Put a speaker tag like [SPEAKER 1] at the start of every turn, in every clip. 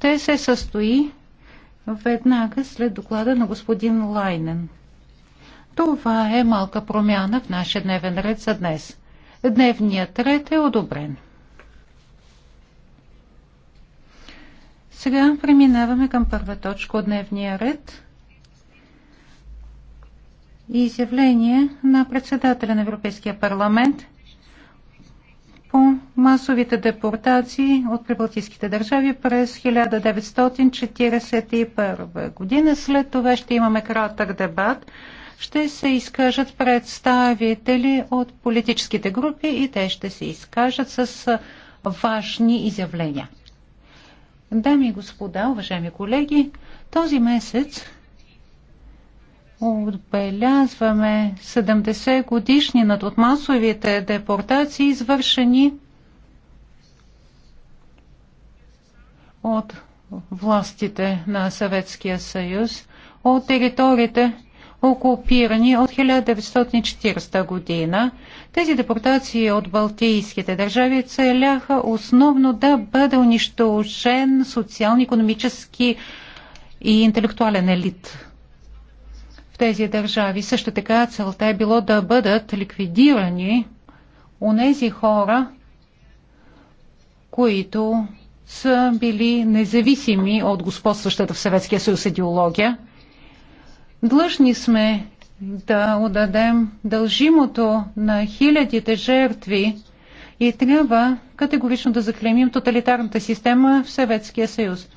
[SPEAKER 1] Те се състои веднага след доклада на господин Лайнен. Това е малка промяна в нашия дневен ред за днес. Дневният ред е одобрен. Сега преминаваме към първа точка от дневния ред. Изявление на председателя на Европейския парламент – по масовите депортации от прибалтийските държави през 1941 година. След това ще имаме кратък дебат. Ще се изкажат представители от политическите групи и те ще се изкажат с важни изявления. Дами и господа, уважаеми колеги, този месец отбелязваме 70 годишнинат от масовите депортации, извършени от властите на Съветския съюз от териториите, окупирани от 1940 година. Тези депортации от балтийските държави целяха основно да бъде унищожен социално-економически и интелектуален елит тези държави. Също така целта е било да бъдат ликвидирани у нези хора, които са били независими от господстващата в Съветския съюз идеология. Длъжни сме да отдадем дължимото на хилядите жертви и трябва категорично да заклемим тоталитарната система в Съветския съюз.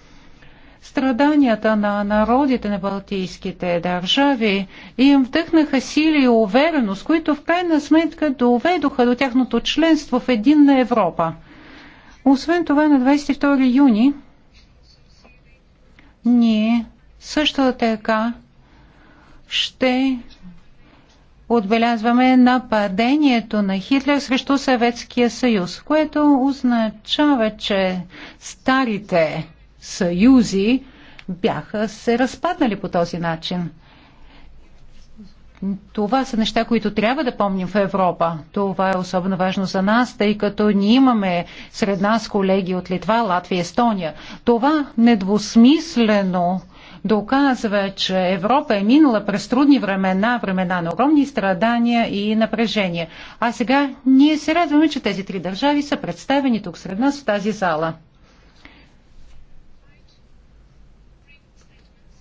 [SPEAKER 1] Страданията на народите на балтийските държави и им вдъхнаха сили и увереност, които в крайна сметка доведоха до тяхното членство в единна Европа. Освен това, на 22 юни ние също така ще отбелязваме нападението на Хитлер срещу Съветския съюз, което означава, че старите съюзи бяха се разпаднали по този начин. Това са неща, които трябва да помним в Европа. Това е особено важно за нас, тъй като ние имаме сред нас колеги от Литва, Латвия, Естония. Това недвусмислено доказва, че Европа е минала през трудни времена, времена на огромни страдания и напрежения. А сега ние се радваме, че тези три държави са представени тук сред нас в тази зала.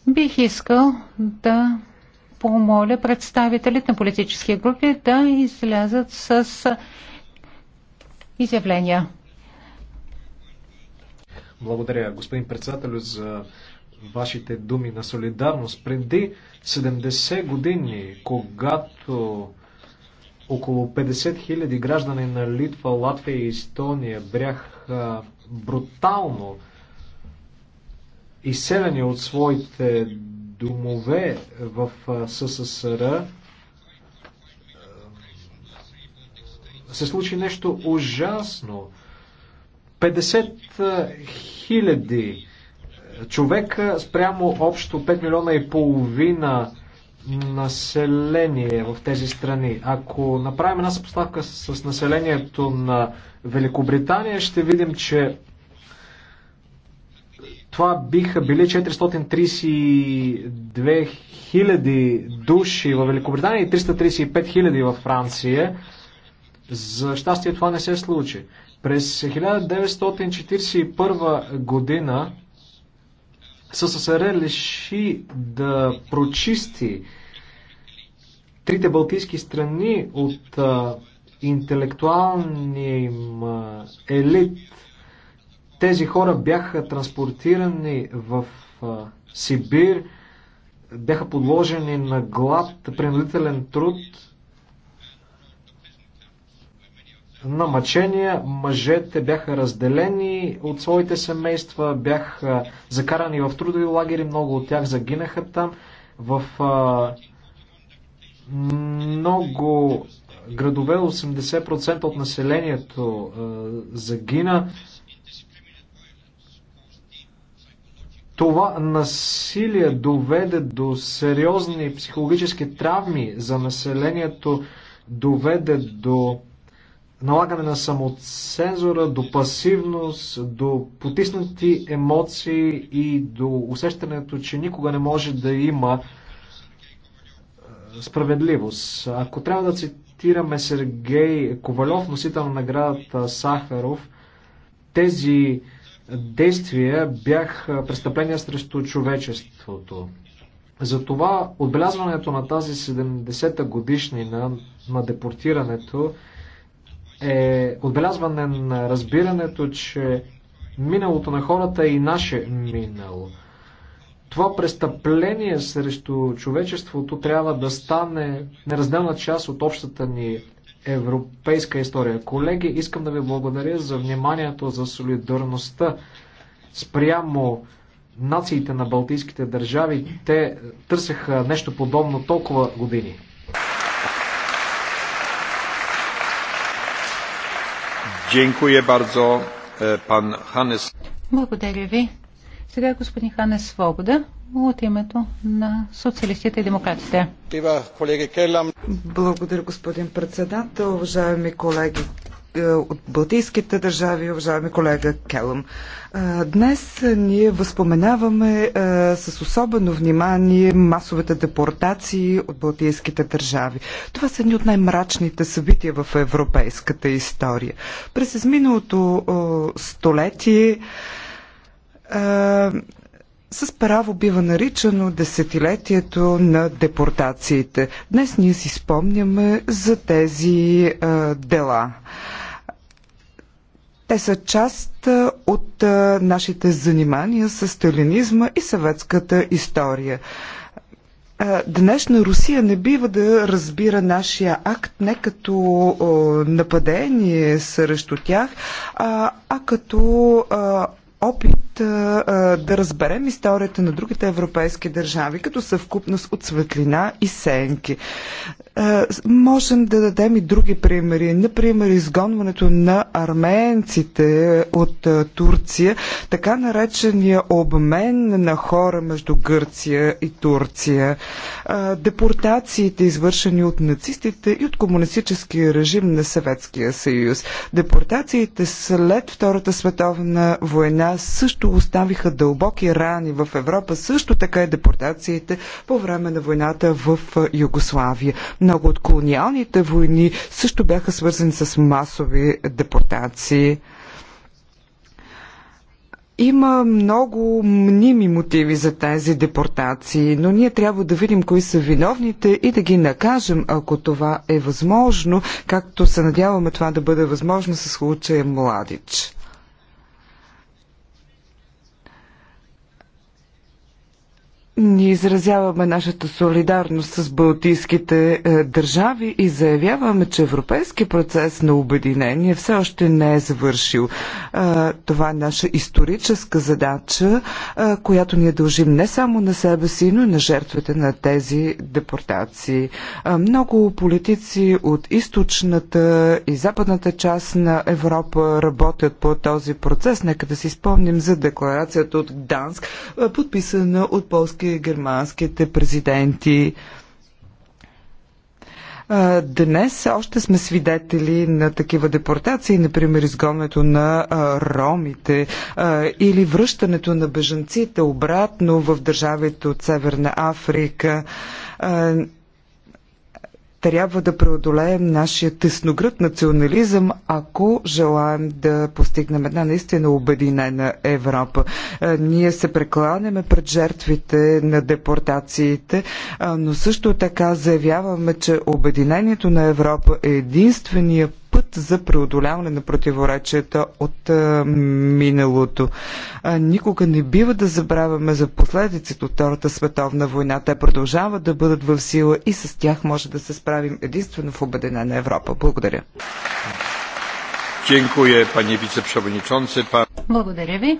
[SPEAKER 1] Бих искал да помоля представителите на политически групи да излязат с изявления.
[SPEAKER 2] Благодаря, господин председател, за вашите думи на солидарност. Преди 70 години, когато около 50 000 граждани на Литва, Латвия и Естония бяха брутално изселени от своите домове в СССР, се случи нещо ужасно. 50 хиляди човека спрямо общо 5 милиона и половина население в тези страни. Ако направим една съпоставка с населението на Великобритания, ще видим, че това биха били 432 000 души в Великобритания и 335 000 във Франция. За щастие това не се случи. През 1941 година СССР реши да прочисти трите балтийски страни от а, интелектуалния им елит, тези хора бяха транспортирани в Сибир, бяха подложени на глад, принудителен труд, на мъчения. Мъжете бяха разделени от своите семейства, бяха закарани в трудови лагери, много от тях загинаха там. В а, много градове 80% от населението а, загина. това насилие доведе до сериозни психологически травми за населението, доведе до налагане на самоцензура, до пасивност, до потиснати емоции и до усещането, че никога не може да има е, справедливост. Ако трябва да цитираме Сергей Ковалев, носител на наградата Сахаров, тези действия бяха престъпления срещу човечеството. Затова отбелязването на тази 70-та годишнина на депортирането е отбелязване на разбирането, че миналото на хората е и наше минало. Това престъпление срещу човечеството трябва да стане неразделна част от общата ни европейска история. Колеги, искам да ви благодаря за вниманието, за солидарността спрямо нациите на балтийските държави. Те търсеха нещо подобно толкова години. E,
[SPEAKER 1] благодаря ви. Сега господин Хане Свобода от името на социалистите и демократите.
[SPEAKER 3] Благодаря, господин председател, уважаеми колеги е, от Балтийските държави, уважаеми колега Келъм. Е, днес ние възпоменаваме е, с особено внимание масовите депортации от Балтийските държави. Това са едни от най-мрачните събития в европейската история. През изминалото столетие с право бива наричано десетилетието на депортациите. Днес ние си спомняме за тези а, дела. Те са част от а, нашите занимания с сталинизма и съветската история. днешна Русия не бива да разбира нашия акт не като о, нападение срещу тях, а, а като о, опит да разберем историята на другите европейски държави като съвкупност от светлина и сенки. Можем да дадем и други примери. Например, изгонването на арменците от Турция, така наречения обмен на хора между Гърция и Турция, депортациите, извършени от нацистите и от комунистическия режим на Съветския съюз, депортациите след Втората световна война също също оставиха дълбоки рани в Европа, също така и депортациите по време на войната в Югославия. Много от колониалните войни също бяха свързани с масови депортации. Има много мними мотиви за тези депортации, но ние трябва да видим кои са виновните и да ги накажем, ако това е възможно, както се надяваме това да бъде възможно с случая Младич. Ние изразяваме нашата солидарност с балтийските е, държави и заявяваме, че европейски процес на обединение все още не е завършил. Е, това е наша историческа задача, е, която ние дължим не само на себе си, но и на жертвите на тези депортации. Е, много политици от източната и западната част на Европа работят по този процес. Нека да си спомним за декларацията от Данск, е, подписана от полски германските президенти. Днес още сме свидетели на такива депортации, например изгонването на ромите или връщането на бежанците обратно в държавите от Северна Африка. Трябва да преодолеем нашия тесногръд национализъм, ако желаем да постигнем една наистина обединена Европа. Е, ние се прекланяме пред жертвите на депортациите, е, но също така заявяваме, че обединението на Европа е единствения път за преодоляване на противоречията от миналото. Никога не бива да забравяме за последиците от Втората световна война. Те продължават да бъдат в сила и с тях може да се справим единствено в на Европа. Благодаря.
[SPEAKER 1] Благодаря ви.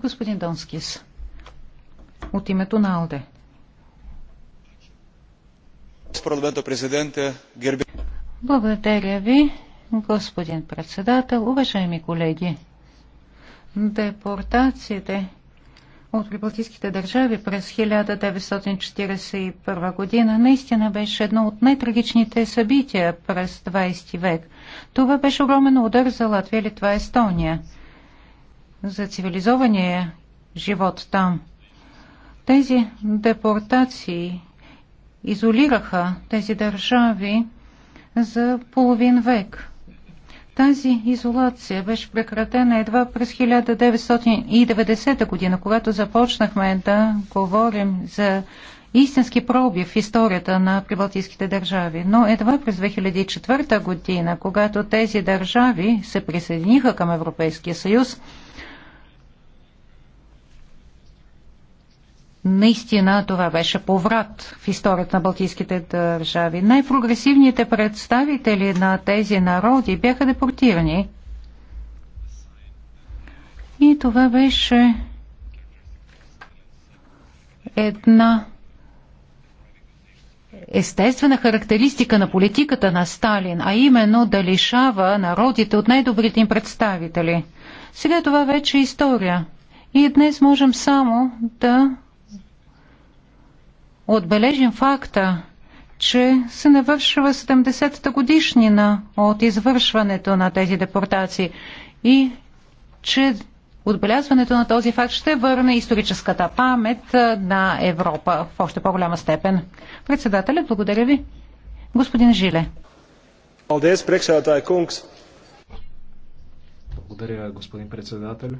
[SPEAKER 1] Господин Донскис, от името на АЛДЕ. Благодаря ви, господин председател, уважаеми колеги. Депортациите от прибалтийските държави през 1941 година наистина беше едно от най-трагичните събития през 20 век. Това беше огромен удар за Латвия, Литва, Естония, за цивилизования живот там. Тези депортации изолираха тези държави за половин век. Тази изолация беше прекратена едва през 1990 година, когато започнахме да говорим за истински проби в историята на прибалтийските държави. Но едва през 2004 година, когато тези държави се присъединиха към Европейския съюз, Наистина това беше поврат в историята на Балтийските държави. Най-прогресивните представители на тези народи бяха депортирани. И това беше една естествена характеристика на политиката на Сталин, а именно да лишава народите от най-добрите им представители. Сега това вече е история. И днес можем само да отбележим факта, че се навършва 70-та годишнина от извършването на тези депортации и че отбелязването на този факт ще върне историческата памет на Европа в още по-голяма степен. Председателя, благодаря ви. Господин Жиле.
[SPEAKER 2] Благодаря, господин председател.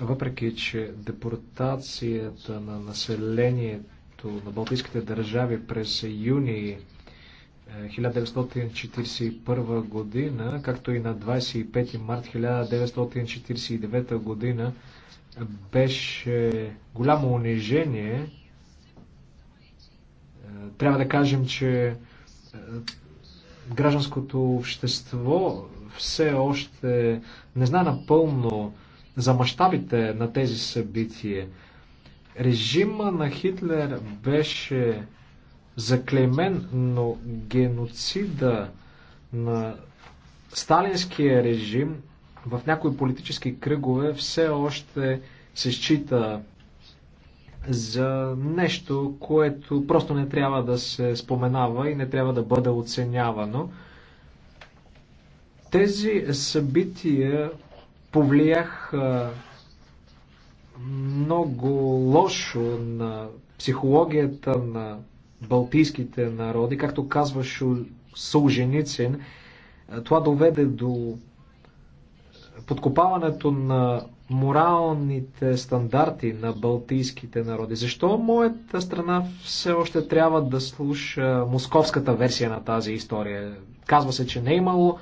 [SPEAKER 2] Въпреки, че депортацията на населението като на Балтийските държави през юни 1941 е, година, както и на 25 март 1949 година, беше голямо унижение. Е, трябва да кажем, че е, гражданското общество все още не зна напълно за мащабите на тези събития. Режима на Хитлер беше заклемен, но геноцида на сталинския режим в някои политически кръгове все още се счита за нещо, което просто не трябва да се споменава и не трябва да бъде оценявано. Тези събития повлияха много лошо на психологията на балтийските народи, както казваш Солженицин, това доведе до подкопаването на моралните стандарти на балтийските народи. Защо моята страна все още трябва да слуша московската версия на тази история? Казва се, че не е имало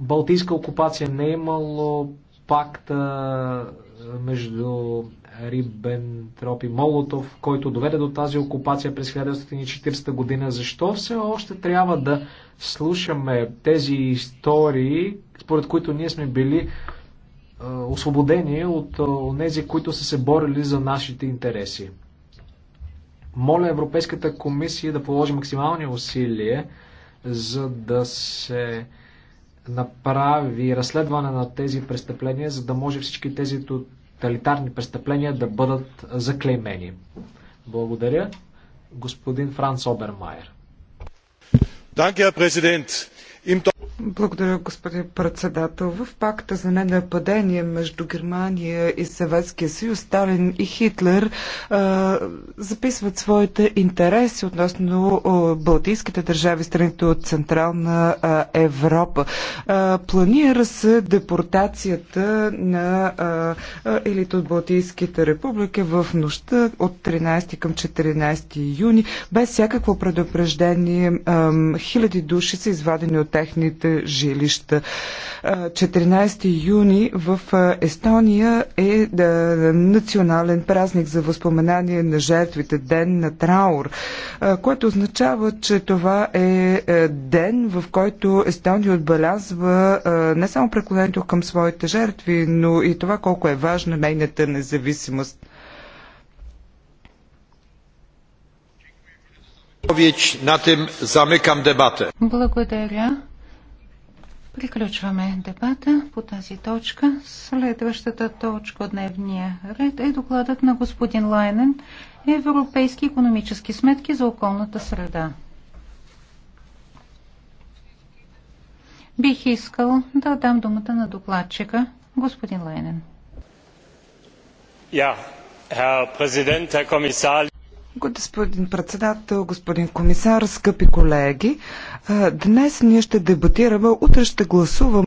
[SPEAKER 2] балтийска окупация, не е имало пакта е, между Рибентроп и Молотов, който доведе до тази окупация през 1940 година. Защо все още трябва да слушаме тези истории, според които ние сме били е, освободени от тези, е, които са се борили за нашите интереси? Моля Европейската комисия да положи максимални усилия, за да се направи разследване на тези престъпления, за да може всички тези тоталитарни престъпления да бъдат заклеймени. Благодаря. Господин Франц Обермайер.
[SPEAKER 3] Danke, Herr Präsident. Благодаря, господин председател. В пакта за ненападение между Германия и Съветския съюз, Сталин и Хитлер а, записват своите интереси относно а, балтийските държави, страните от Централна а, Европа. А, планира се депортацията на елит от Балтийските републики в нощта от 13 към 14 юни. Без всякакво предупреждение а, хиляди души са извадени от техните жилища. 14 юни в Естония е национален празник за възпоменание на жертвите, ден на траур, което означава, че това е, е ден, в който Естония отбелязва не само преклонението към своите жертви, но и това колко е важна нейната независимост.
[SPEAKER 1] Благодаря Приключваме дебата по тази точка. Следващата точка от дневния ред е докладът на господин Лайнен Европейски економически сметки за околната среда. Бих искал да дам думата на докладчика, господин Лайнен.
[SPEAKER 3] Ja, Herr Präsident, Господин
[SPEAKER 1] председател, господин комисар, скъпи
[SPEAKER 3] колеги, днес ние ще дебатираме, утре ще гласуваме.